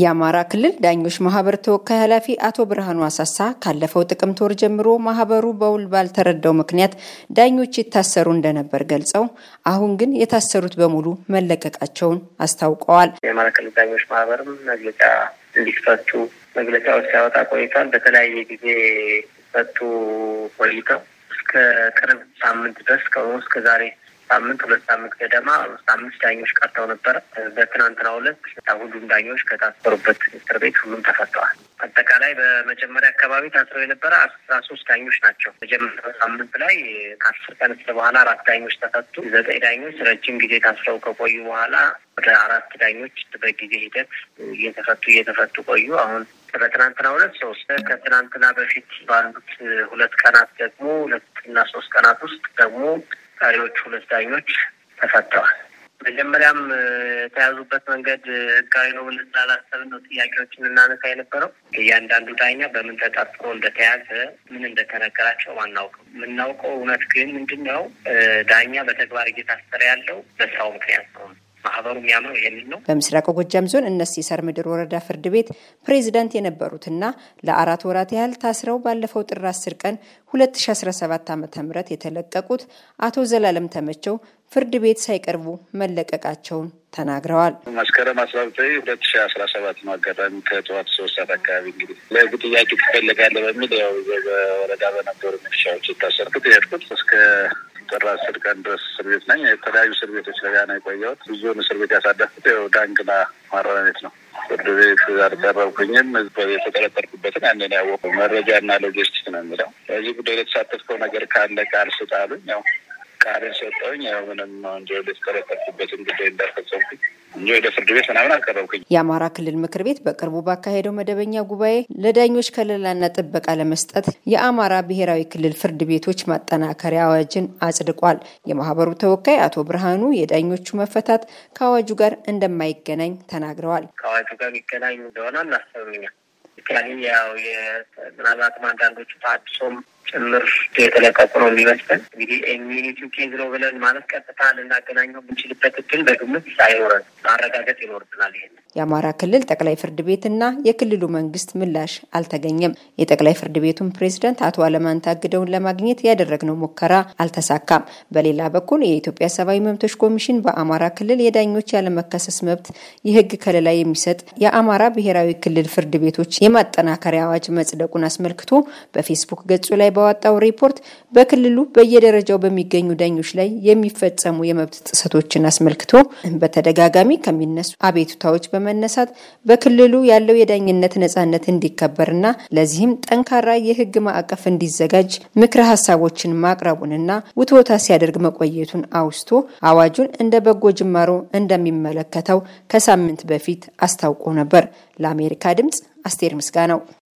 የአማራ ክልል ዳኞች ማህበር ተወካይ ኃላፊ አቶ ብርሃኑ አሳሳ ካለፈው ጥቅምት ወር ጀምሮ ማህበሩ በውል ባልተረዳው ምክንያት ዳኞች ይታሰሩ እንደነበር ገልጸው አሁን ግን የታሰሩት በሙሉ መለቀቃቸውን አስታውቀዋል። የአማራ ክልል ዳኞች ማህበርም መግለጫ እንዲፈቱ መግለጫዎች ሲያወጣ ቆይቷል። በተለያየ ጊዜ ፈቱ ቆይተው እስከ ቅርብ ሳምንት ድረስ ከሆኑ እስከ ዛሬ ሳምንት ሁለት ሳምንት ገደማ አምስት ዳኞች ቀርተው ነበረ። በትናንትና ሁለት ሁሉም ዳኞች ከታሰሩበት እስር ቤት ሁሉም ተፈተዋል። አጠቃላይ በመጀመሪያ አካባቢ ታስረው የነበረ አስራ ሶስት ዳኞች ናቸው። መጀመሪያ ሳምንት ላይ ከአስር ቀን በኋላ አራት ዳኞች ተፈቱ። ዘጠኝ ዳኞች ረጅም ጊዜ ታስረው ከቆዩ በኋላ ወደ አራት ዳኞች በጊዜ ሂደት እየተፈቱ እየተፈቱ ቆዩ። አሁን በትናንትና ሁለት ሶስት ከትናንትና በፊት ባሉት ሁለት ቀናት ደግሞ ሁለትና ሶስት ቀናት ውስጥ ደግሞ ቀሪዎቹ ሁለት ዳኞች ተፈተዋል። መጀመሪያም የተያዙበት መንገድ ህጋዊ ነው ብለን ስላላሰብን ነው ጥያቄዎችን እናነሳ የነበረው። እያንዳንዱ ዳኛ በምን ተጠርጥሮ እንደተያዘ ምን እንደተነገራቸው አናውቅም። የምናውቀው እውነት ግን ምንድን ነው ዳኛ በተግባር እየታሰረ ያለው በሳው ምክንያት ነው። ማህበሩ የሚያምነው ይህንን ነው። በምስራቅ ጎጃም ዞን እነስ የሳር ምድር ወረዳ ፍርድ ቤት ፕሬዚዳንት የነበሩትና ለአራት ወራት ያህል ታስረው ባለፈው ጥር አስር ቀን 2017 ዓ ም የተለቀቁት አቶ ዘላለም ተመቸው ፍርድ ቤት ሳይቀርቡ መለቀቃቸውን ተናግረዋል። መስከረም አስራ ዘጠኝ ሁለት ሺ አስራ ሰባት ነው አጋጣሚ ከጠዋት ሶስት ሰዓት አካባቢ እንግዲህ ለህግ ጥያቄ ትፈልጋለህ በሚል ያው በወረዳ በነበሩ ሚሊሻዎች የታሰርኩት የሄድኩት እስከ ጥር አስር ቀን ድረስ እስር ቤት ነኝ። የተለያዩ እስር ቤቶች ላይ ነው የቆየሁት። ብዙውን እስር ቤት ያሳደፍኩት ው ዳንግና ማረሚያ ቤት ነው። ፍርድ ቤት አልቀረብኩኝም። የተጠረጠርኩበትን ያንን ያወቁ መረጃና ሎጂስቲክ ነው የሚለው በዚህ ጉዳይ የተሳተፍከው ነገር ካለ ቃል ስጥ አሉኝ። ያው ቃልን ሰጠውኝ። ያው ምንም ወንጀል የተጠረጠርኩበትን ጉዳይ እንዳልፈጸምኩኝ እንጂ ወደ ፍርድ ቤት ምናምን አልቀረብኩኝ። የአማራ ክልል ምክር ቤት በቅርቡ ባካሄደው መደበኛ ጉባኤ ለዳኞች ከለላና ጥበቃ ለመስጠት የአማራ ብሔራዊ ክልል ፍርድ ቤቶች ማጠናከሪያ አዋጅን አጽድቋል። የማህበሩ ተወካይ አቶ ብርሃኑ የዳኞቹ መፈታት ከአዋጁ ጋር እንደማይገናኝ ተናግረዋል። ከአዋጁ ጋር ይገናኝ እንደሆነ እናስተውኛል። ያው ምናልባትም አንዳንዶቹ ታድሶም ጭምር የተለቀቁ ነው የሚመስለን። እንግዲህ ኢሚኒቲ ኬዝ ነው ብለን ማለት ቀጥታ ልናገናኘው የምንችልበት እድል በግምት አይኖረን ማረጋገጥ ይኖርብናል። ይሄ የአማራ ክልል ጠቅላይ ፍርድ ቤትና የክልሉ መንግስት ምላሽ አልተገኘም። የጠቅላይ ፍርድ ቤቱን ፕሬዝደንት አቶ አለማን ታግደውን ለማግኘት ያደረግነው ሙከራ አልተሳካም። በሌላ በኩል የኢትዮጵያ ሰብአዊ መብቶች ኮሚሽን በአማራ ክልል የዳኞች ያለመከሰስ መብት የህግ ከለላ የሚሰጥ የአማራ ብሔራዊ ክልል ፍርድ ቤቶች የማጠናከሪያ አዋጅ መጽደቁን አስመልክቶ በፌስቡክ ገጹ ላይ ባወጣው ሪፖርት በክልሉ በየደረጃው በሚገኙ ዳኞች ላይ የሚፈጸሙ የመብት ጥሰቶችን አስመልክቶ በተደጋጋሚ ከሚነሱ አቤቱታዎች በመነሳት በክልሉ ያለው የዳኝነት ነጻነት እንዲከበርና ለዚህም ጠንካራ የህግ ማዕቀፍ እንዲዘጋጅ ምክረ ሀሳቦችን ማቅረቡንና ውትወታ ሲያደርግ መቆየቱን አውስቶ አዋጁን እንደ በጎ ጅማሮ እንደሚመለከተው ከሳምንት በፊት አስታውቆ ነበር። ለአሜሪካ ድምጽ አስቴር ነው።